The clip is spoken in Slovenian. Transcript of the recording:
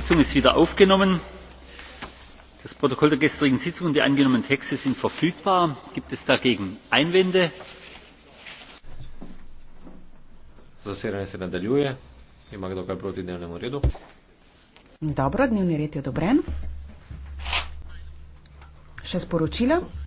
sitzung ist wieder aufgenommen. das protokoll der gestrigen sitzung und die angenommenen texte sind verfügbar. gibt es dagegen einwände? Zasedanje se nadaljuje. Ima kdo kaj proti dnevnemu redu? Dobro, dnevni red je odobren. Še sporočila?